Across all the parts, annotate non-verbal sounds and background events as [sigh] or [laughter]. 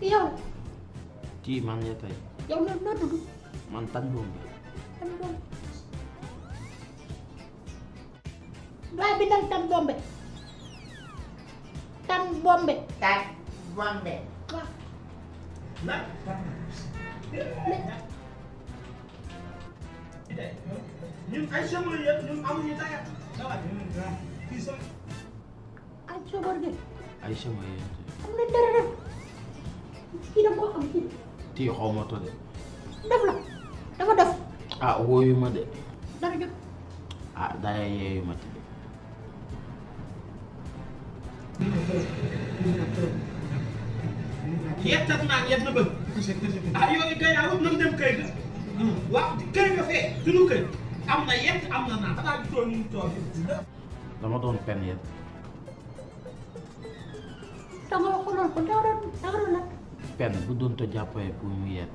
yow. kii man la tey. yow loolu noo tudd. man tan doom la. tan doom. doy bi dal tan bombe. tan bombe. tan bombe. waaw. lan. ñun ay jamono yëpp ñun amuñu dara. Aïcha Morgan. Aïcha mooy yéen tey. am na dara de. def la dafa def. ah wooyu de. dara ah dara yeeyu ma ci de. yettat naan yett na bëgg. ah yooyu kay yaa ngi dem kay ga. waaw kay fee. dunu kay am na yett am na naan. xanaa ñu toog ñu toog dama doon fen yéen. dama xuloon ko bu doon to jàppee pour mu yett.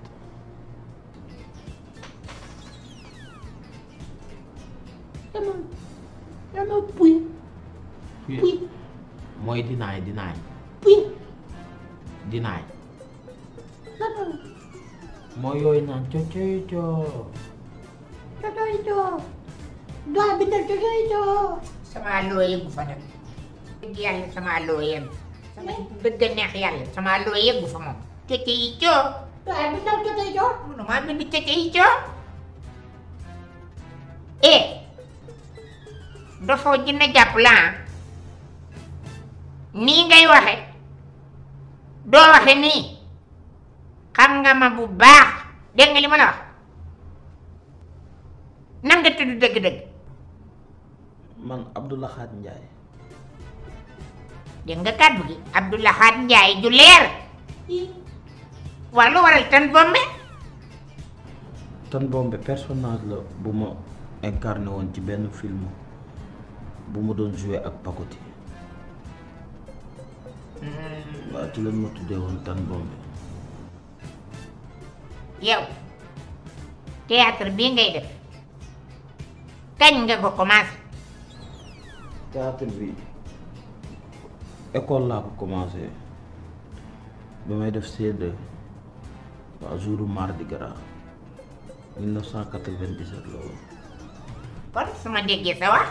dama dama puy. puy mooy dinaay dinaay. puy. dinaay. mooy yooyu naan cocoy coo. cocoy coo. doy bi de cocoy coo. sama looyee gu fa nag dëgg yàlla sama looyee sama fa moom cëcc yi coo waaye bi eh, jàpp la nii ngay waxe doo waxe nii xam nga ma bu baax dégg nga li ma la wax nan nga tudd dëgg-dëgg man Abdou Lahad Ndiaye. dégg nga kàddu gi Abdou Lahad Ndiaye ju leer. waa lu waral Tan Bombé. Tan Bombé personnage la bu ma incarné woon ci benn film bu ma doon joué ak Pakoti. Hmm. waaw ci lañ ma tuddee woon Tan Bombé. yow théâtre bii ngay def kañ nga ko commencé. théâtre bi école laa ko commencé ba may def sedd 2 waa jour mardi gras 1997 la woon. kon su déggee sa wax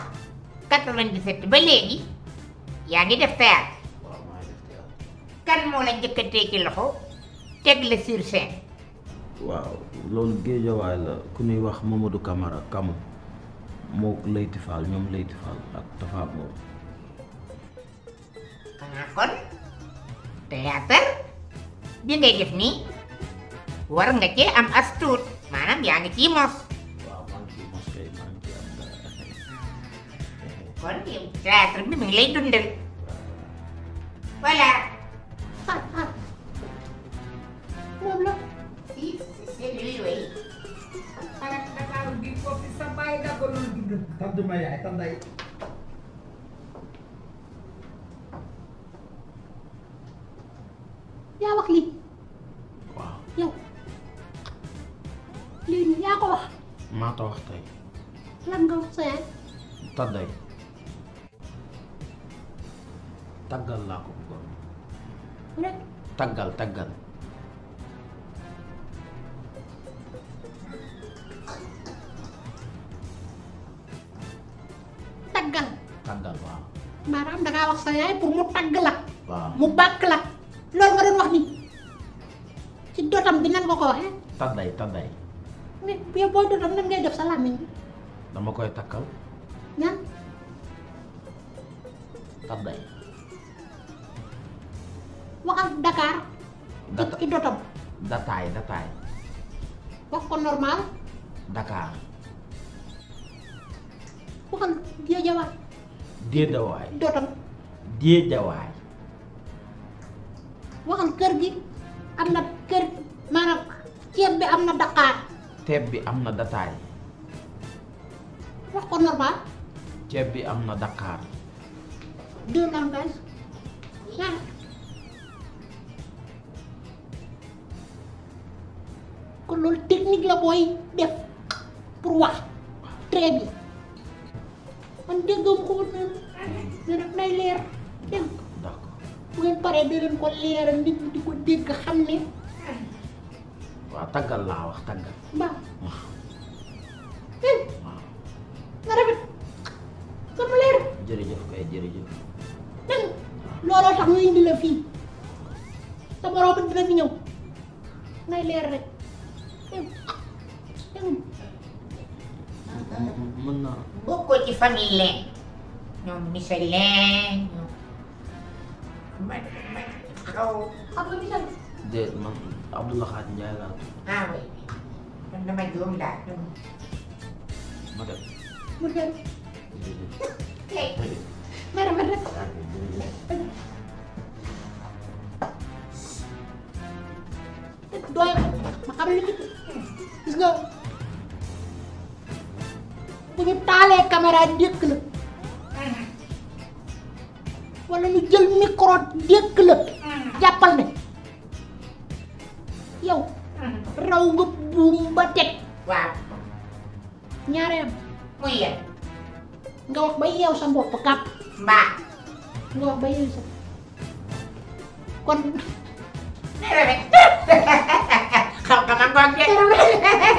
97 ba léegi yaa ngi def théâtre. kan moo la njëkk loxo teg la sur scène. waaw loolu géejawaay la ku ñuy wax Mamadou Camara Kamou. moo Leyti Fall ñoom Leyti Fall ak Tafa Ngom. xanaa ah, kon théâtre bi ngay def nii war am as tuut maanaam yaa ngi ciy mos. waaw maa ah, bi mi lay dundal voilà. tadduma yaay tadday yaa wax lii waaw yow lii nii yaa ko wax maa ko wax tey lan nga wax sa yaay tadday taggal laa ko bëggoon rek taggal taggal maanaam dangaa wax sa yaay pour mu tagg la. mu bàkk la loolu nga doon wax ni ci dotam bi nan nga ko waxee. tadday tadday. mais yow boo dotam nan ngay def sa làmmiñ bi. dama koy takkal. ñaan. tadday. waxal Dakar. data ci dotam. dataay dataay. wax ko normal. Dakar. waxal Géejawaay. déedawaay dootam déedawaay waxal kër gi am na kër maanaam ceeb bi am na daqaar ceeb bi am na dataay wax ko normal ceeb bi am na daqaar deux langages kon loolu technique la booy def pour wax très bien man déggam ko woon noonu mais nag nay leer dégg d'accord bu ngeen paree di leen ko leeral nit ñi di ko dégg xam ne waaw tàggal laa wax tàggal waaw waaw nga rafet nga mu leer jërëjëf kay jërëjëf dégg looloo tax ñu indi la fii sa borom dina fi ñëw ngay leer rek dégg dégg mën naa bokkoo ci famille leen ñoom monsieur leen ñoom man man xaw Abdou bi tamit déet man Abdou Lahat Ndiaye laa tudd ah oui man dama juum daal ma dem mu dem tey mara ma dem ah, doy ma xam li bu ñu taalee caméra dékk la wala ñu jël micro dékk la jàppal ne yow raw nga buum ba teg waaw ñaareem nga wax ba yeew sa bopp kàpp mbaa nga wax ba yeew sa kon tere [laughs] rek xam nga man